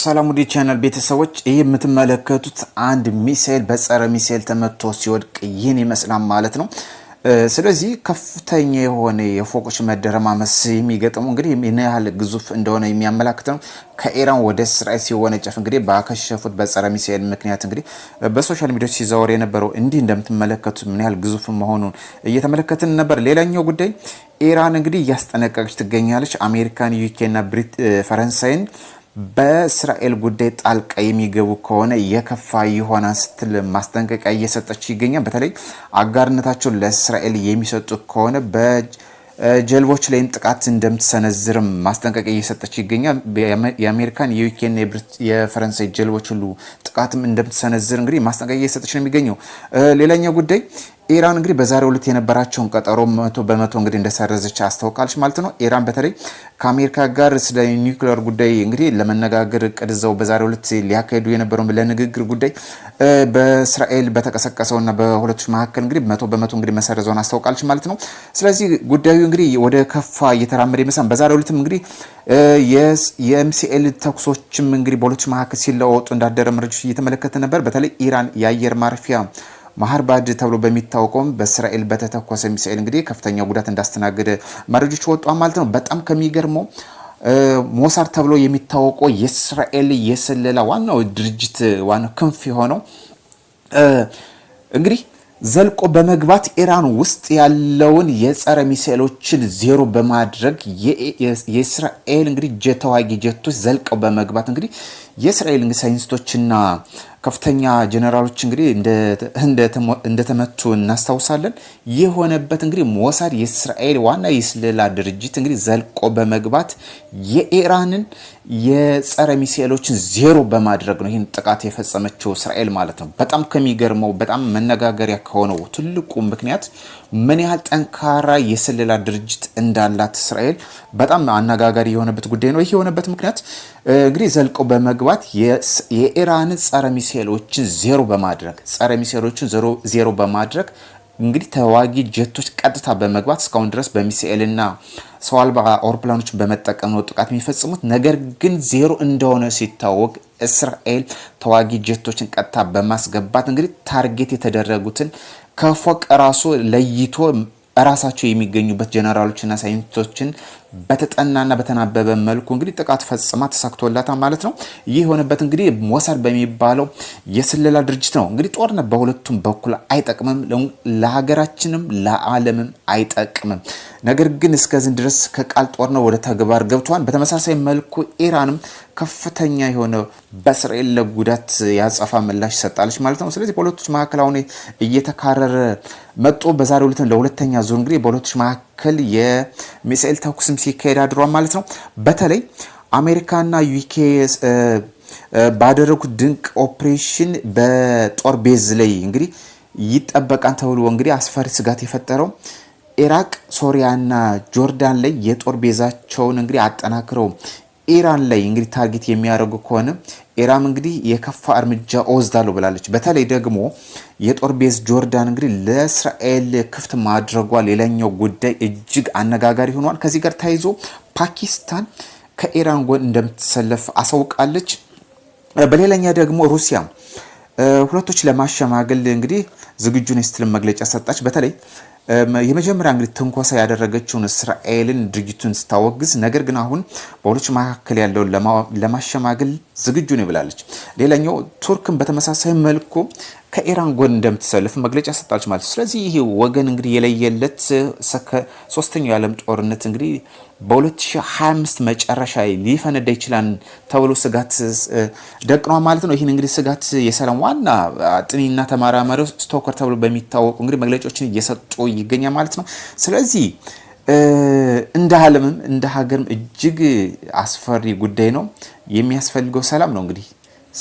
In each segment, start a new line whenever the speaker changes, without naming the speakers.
ሰላም ውዴ ቻናል ቤተሰቦች ይህ የምትመለከቱት አንድ ሚሳኤል በጸረ ሚሳኤል ተመቶ ሲወድቅ ይህን ይመስላል ማለት ነው። ስለዚህ ከፍተኛ የሆነ የፎቆች መደረማመስ የሚገጥሙ እንግዲህ ምን ያህል ግዙፍ እንደሆነ የሚያመላክት ነው። ከኢራን ወደ እስራኤል ሲወነጨፍ እንግዲህ ባከሸፉት በጸረ ሚሳኤል ምክንያት እንግዲህ በሶሻል ሚዲያዎች ሲዘወር የነበረው እንዲህ እንደምትመለከቱት ምን ያህል ግዙፍ መሆኑን እየተመለከትን ነበር። ሌላኛው ጉዳይ ኢራን እንግዲህ እያስጠነቀቀች ትገኛለች። አሜሪካን፣ ዩኬ እና ፈረንሳይን በእስራኤል ጉዳይ ጣልቃ የሚገቡ ከሆነ የከፋ የሆነ ስትል ማስጠንቀቂያ እየሰጠች ይገኛል። በተለይ አጋርነታቸውን ለእስራኤል የሚሰጡ ከሆነ በጀልቦች ላይም ጥቃት እንደምትሰነዝርም ማስጠንቀቂያ እየሰጠች ይገኛል። የአሜሪካን፣ የዩኬን፣ የፈረንሳይ ጀልቦች ሁሉ ጥቃትም እንደምትሰነዝር እንግዲህ ማስጠንቀቂያ እየሰጠች ነው የሚገኘው። ሌላኛው ጉዳይ ኢራን እንግዲህ በዛሬው ዕለት የነበራቸውን ቀጠሮ መቶ በመቶ እንግዲህ እንደሰረዘች አስታውቃለች ማለት ነው። ኢራን በተለይ ከአሜሪካ ጋር ስለ ኒውክሌር ጉዳይ እንግዲህ ለመነጋገር እቅድ ይዘው በዛሬው ዕለት ሊያካሄዱ የነበረውን ለንግግር ጉዳይ በእስራኤል በተቀሰቀሰውና በሁለቱ መካከል እንግዲህ መቶ በመቶ እንግዲህ መሰረዘውን አስታውቃለች ማለት ነው። ስለዚህ ጉዳዩ እንግዲህ ወደ ከፋ እየተራመደ ይመስላል። በዛሬው ዕለትም እንግዲህ የኤምሲኤል ተኩሶችም እንግዲህ በሁለቱ መካከል ሲለዋወጡ እንዳደረ መረጃዎች እየተመለከተ ነበር። በተለይ ኢራን የአየር ማረፊያ ማህር ባድ ተብሎ በሚታወቀውም በእስራኤል በተተኮሰ ሚሳኤል እንግዲህ ከፍተኛ ጉዳት እንዳስተናገደ መረጆች ወጧ ማለት ነው። በጣም ከሚገርመው ሞሳድ ተብሎ የሚታወቀው የእስራኤል የስለላ ዋናው ድርጅት ዋናው ክንፍ የሆነው እንግዲህ ዘልቆ በመግባት ኢራን ውስጥ ያለውን የጸረ ሚሳኤሎችን ዜሮ በማድረግ የእስራኤል እንግዲህ ጀተዋጊ ጀቶች ዘልቀው በመግባት እንግዲህ የእስራኤል ሳይንስቶችና ከፍተኛ ጀነራሎች እንግዲህ እንደተመቱ እናስታውሳለን። የሆነበት እንግዲህ ሞሳድ የእስራኤል ዋና የስለላ ድርጅት እንግዲህ ዘልቆ በመግባት የኢራንን የጸረ ሚሳኤሎችን ዜሮ በማድረግ ነው ይህን ጥቃት የፈጸመችው እስራኤል ማለት ነው። በጣም ከሚገርመው በጣም መነጋገሪያ ከሆነው ትልቁ ምክንያት ምን ያህል ጠንካራ የስለላ ድርጅት እንዳላት እስራኤል በጣም አነጋጋሪ የሆነበት ጉዳይ ነው። ይህ የሆነበት ምክንያት እንግዲህ ዘልቀው በመግባት የኢራን ጸረ ሚሳኤሎችን ዜሮ በማድረግ ጸረ ሚሳኤሎችን ዜሮ በማድረግ እንግዲህ ተዋጊ ጀቶች ቀጥታ በመግባት እስካሁን ድረስ በሚሳኤልና ሰው አልባ አውሮፕላኖችን በመጠቀም ነው ጥቃት የሚፈጽሙት። ነገር ግን ዜሮ እንደሆነ ሲታወቅ እስራኤል ተዋጊ ጀቶችን ቀጥታ በማስገባት እንግዲህ ታርጌት የተደረጉትን ከፎቅ ራሱ ለይቶ እራሳቸው የሚገኙበት ጀነራሎችና ሳይንቲስቶችን በተጠናና በተናበበ መልኩ እንግዲህ ጥቃት ፈጽማ ተሳክቶላታ ማለት ነው። ይህ የሆነበት እንግዲህ ሞሳድ በሚባለው የስለላ ድርጅት ነው። እንግዲህ ጦርነት በሁለቱም በኩል አይጠቅምም፣ ለሀገራችንም ለዓለምም አይጠቅምም። ነገር ግን እስከዚህ ድረስ ከቃል ጦርነት ወደ ተግባር ገብተዋል። በተመሳሳይ መልኩ ኢራንም ከፍተኛ የሆነ በእስራኤል ለጉዳት ያጸፋ ምላሽ ይሰጣለች ማለት ነው። ስለዚህ በሁለቶች መካከል አሁን እየተካረረ መጦ በዛሬ ዕለት ለሁለተኛ ዙር እንግዲህ በሁለቶች መካከል የሚሳኤል ተኩስም ሲካሄድ አድሯል ማለት ነው። በተለይ አሜሪካና ዩኬ ባደረጉት ድንቅ ኦፕሬሽን በጦር ቤዝ ላይ እንግዲህ ይጠበቃል ተብሎ እንግዲህ አስፈሪ ስጋት የፈጠረው ኢራቅ ሶሪያና ጆርዳን ላይ የጦር ቤዛቸውን እንግዲህ አጠናክረው ኢራን ላይ እንግዲህ ታርጌት የሚያደርጉ ከሆነ ኢራን እንግዲህ የከፋ እርምጃ እወስዳለሁ ብላለች። በተለይ ደግሞ የጦር ቤዝ ጆርዳን እንግዲህ ለእስራኤል ክፍት ማድረጓ ሌላኛው ጉዳይ እጅግ አነጋጋሪ ሆኗል። ከዚህ ጋር ተያይዞ ፓኪስታን ከኢራን ጎን እንደምትሰለፍ አሳውቃለች። በሌላኛ ደግሞ ሩሲያ ሁለቶች ለማሸማገል እንግዲህ ዝግጁ ነች ስትል መግለጫ ሰጣች። በተለይ የመጀመሪያ እንግዲህ ትንኮሳ ያደረገችውን እስራኤልን ድርጊቱን ስታወግዝ፣ ነገር ግን አሁን በሁሎች መካከል ያለውን ለማሸማገል ዝግጁ ነው ብላለች። ሌላኛው ቱርክን በተመሳሳይ መልኩ ከኢራን ጎን እንደምትሰልፍ መግለጫ ሰጣች ማለት ነው። ስለዚህ ይህ ወገን እንግዲህ የለየለት ሶስተኛው የዓለም ጦርነት እንግዲህ በ2025 መጨረሻ ሊፈነዳ ይችላል ተብሎ ስጋት ደቅኗ ማለት ነው። ይህን እንግዲህ ስጋት የሰላም ዋና ጥኒና ተመራማሪው ስቶከር ተብሎ በሚታወቁ እንግዲህ መግለጫዎችን እየሰጡ ይገኛል ማለት ነው። ስለዚህ እንደ ዓለምም እንደ ሀገርም እጅግ አስፈሪ ጉዳይ ነው። የሚያስፈልገው ሰላም ነው እንግዲህ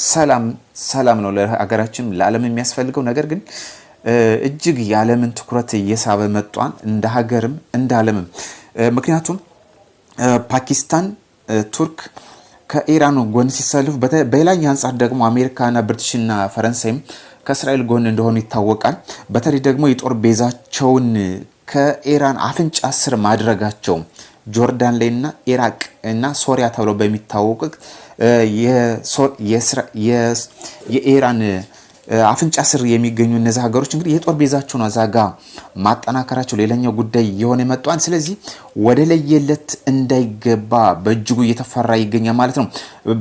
ሰላም ሰላም ነው ለሀገራችን ለዓለም የሚያስፈልገው። ነገር ግን እጅግ የዓለምን ትኩረት እየሳበ መጧን እንደ ሀገርም እንደ ዓለምም። ምክንያቱም ፓኪስታን፣ ቱርክ ከኢራን ጎን ሲሰልፉ፣ በሌላኛ አንጻር ደግሞ አሜሪካና ብሪቲሽና ፈረንሳይም ከእስራኤል ጎን እንደሆኑ ይታወቃል። በተለይ ደግሞ የጦር ቤዛቸውን ከኢራን አፍንጫ ስር ማድረጋቸው ጆርዳን ላይና ኢራቅ እና ሶሪያ ተብለው በሚታወቁት የኢራን አፍንጫ ስር የሚገኙ እነዚህ ሀገሮች እንግዲህ የጦር ቤዛቸውን አዛጋ ማጠናከራቸው ሌላኛው ጉዳይ የሆነ የመጧን ስለዚህ ወደ ለየለት እንዳይገባ በእጅጉ እየተፈራ ይገኛል ማለት ነው።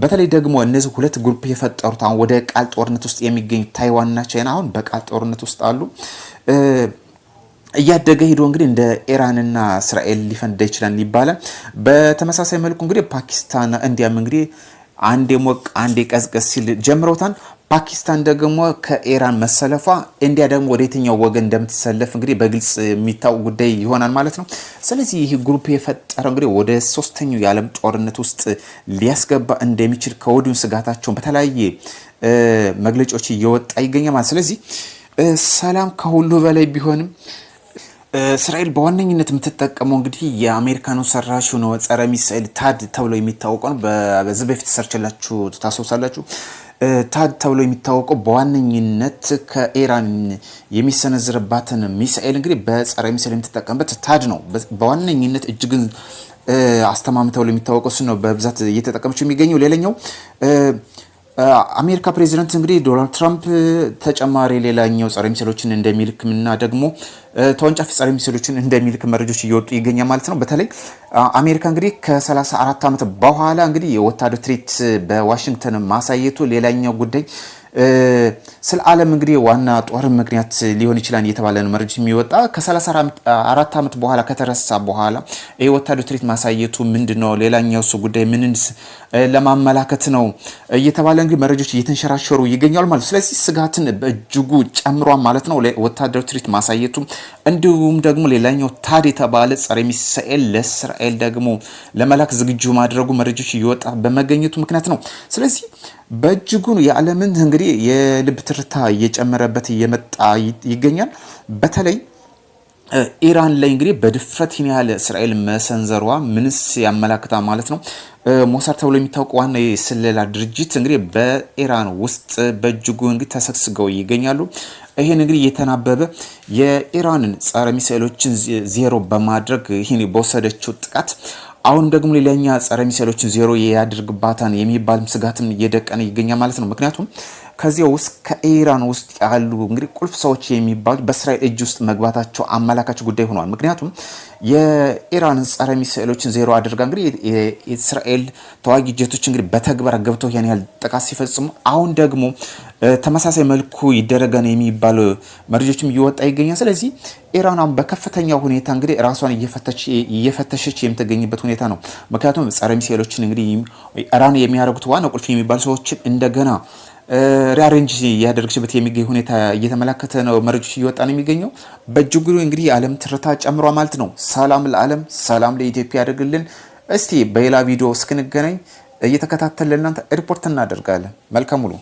በተለይ ደግሞ እነዚህ ሁለት ግሩፕ የፈጠሩት አሁን ወደ ቃል ጦርነት ውስጥ የሚገኙ ታይዋንና ቻይና አሁን በቃል ጦርነት ውስጥ አሉ። እያደገ ሄዶ እንግዲህ እንደ ኢራንና እስራኤል ሊፈንዳ ይችላል ይባላል። በተመሳሳይ መልኩ እንግዲህ ፓኪስታን እንዲያም እንግዲህ አንዴ ሞቅ አንዴ ቀዝቀዝ ሲል ጀምረውታል። ፓኪስታን ደግሞ ከኢራን መሰለፏ እንዲያ ደግሞ ወደ የትኛው ወገን እንደምትሰለፍ እንግዲህ በግልጽ የሚታወቅ ጉዳይ ይሆናል ማለት ነው። ስለዚህ ይህ ግሩፕ የፈጠረው እንግዲህ ወደ ሶስተኛው የዓለም ጦርነት ውስጥ ሊያስገባ እንደሚችል ከወዲሁ ስጋታቸውን በተለያየ መግለጫዎች እየወጣ ይገኛል ማለት ስለዚህ ሰላም ከሁሉ በላይ ቢሆንም እስራኤል በዋነኝነት የምትጠቀመው እንግዲህ የአሜሪካኑ ሰራሽ ሆነ ጸረ ሚሳኤል ታድ ተብሎ የሚታወቀው በዚህ በፊት ሰርችላችሁ ታስታውሳላችሁ። ታድ ተብሎ የሚታወቀው በዋነኝነት ከኢራን የሚሰነዝርባትን ሚሳኤል እንግዲህ በጸረ ሚሳኤል የምትጠቀምበት ታድ ነው። በዋነኝነት እጅግን አስተማሚ ተብሎ የሚታወቀው እሱ ነው በብዛት እየተጠቀመች የሚገኘው ሌላኛው አሜሪካ ፕሬዚደንት እንግዲህ ዶናልድ ትራምፕ ተጨማሪ ሌላኛው ጸረ ሚሳይሎችን እንደሚልክምና ደግሞ ተወንጫፊ ጸረ ሚሳይሎችን እንደሚልክ መረጃዎች እየወጡ ይገኛል ማለት ነው። በተለይ አሜሪካ እንግዲህ ከ34 ዓመት በኋላ እንግዲህ የወታደር ትርኢት በዋሽንግተን ማሳየቱ ሌላኛው ጉዳይ ስለ ዓለም እንግዲህ ዋና ጦር ምክንያት ሊሆን ይችላል ነው መረጃ የሚወጣ ከ34 ዓመት በኋላ ከተረሳ በኋላ ይህ ወታደር ትርኢት ማሳየቱ ምንድን ነው? ሌላኛው እሱ ጉዳይ ምንንስ ለማመላከት ነው እየተባለ እንግዲህ መረጃዎች እየተንሸራሸሩ ይገኛሉ ማለት ስለዚህ ስጋትን በእጅጉ ጨምሯል ማለት ነው ወታደር ትርኢት ማሳየቱ። እንዲሁም ደግሞ ሌላኛው ታድ የተባለ ጸረ ሚሳኤል ለእስራኤል ደግሞ ለመላክ ዝግጁ ማድረጉ መረጃዎች እየወጣ በመገኘቱ ምክንያት ነው። ስለዚህ በእጅጉን የዓለምን እንግዲህ የልብ ትርታ እየጨመረበት እየመጣ ይገኛል። በተለይ ኢራን ላይ እንግዲህ በድፍረት ይህን ያህል እስራኤል መሰንዘሯ ምንስ ያመላክታ ማለት ነው። ሞሳድ ተብሎ የሚታወቅ ዋና የስለላ ድርጅት እንግዲህ በኢራን ውስጥ በእጅጉ እንግዲህ ተሰግስገው ይገኛሉ። ይህን እንግዲህ የተናበበ የኢራንን ጸረ ሚሳኤሎችን ዜሮ በማድረግ ይህን በወሰደችው ጥቃት አሁን ደግሞ ሌላኛ ጸረ ሚሳይሎችን ዜሮ ያደርግባታን የሚባል ስጋትም እየደቀነ ይገኛል ማለት ነው። ምክንያቱም ከዚያ ውስጥ ከኢራን ውስጥ ያሉ እንግዲህ ቁልፍ ሰዎች የሚባሉት በእስራኤል እጅ ውስጥ መግባታቸው አመላካች ጉዳይ ሆኗል። ምክንያቱም የኢራን ጸረ ሚሳኤሎችን ዜሮ አድርጋ እንግዲህ የእስራኤል ተዋጊ ጀቶች እንግዲህ በተግባር ገብተው ያን ያህል ጥቃት ሲፈጽሙ አሁን ደግሞ ተመሳሳይ መልኩ ይደረጋል የሚባሉ መረጃዎችም እየወጣ ይገኛል። ስለዚህ ኢራን በከፍተኛ ሁኔታ እንግዲህ ራሷን እየፈተሸች የምትገኝበት ሁኔታ ነው። ምክንያቱም ጸረ ሚሳኤሎችን እንግዲህ ራን የሚያደርጉት ዋና ቁልፍ የሚባሉ ሰዎችን እንደገና ሪአሬንጅ ያደረገችበት የሚገኝ ሁኔታ እየተመላከተ ነው። መረጃዎች እየወጣ ነው የሚገኘው። በእጅጉ እንግዲህ የዓለም ትርታ ጨምሯ ማለት ነው። ሰላም ለዓለም፣ ሰላም ለኢትዮጵያ ያደርግልን። እስቲ በሌላ ቪዲዮ እስክንገናኝ እየተከታተል ለእናንተ ሪፖርት እናደርጋለን። መልካም ሙሉ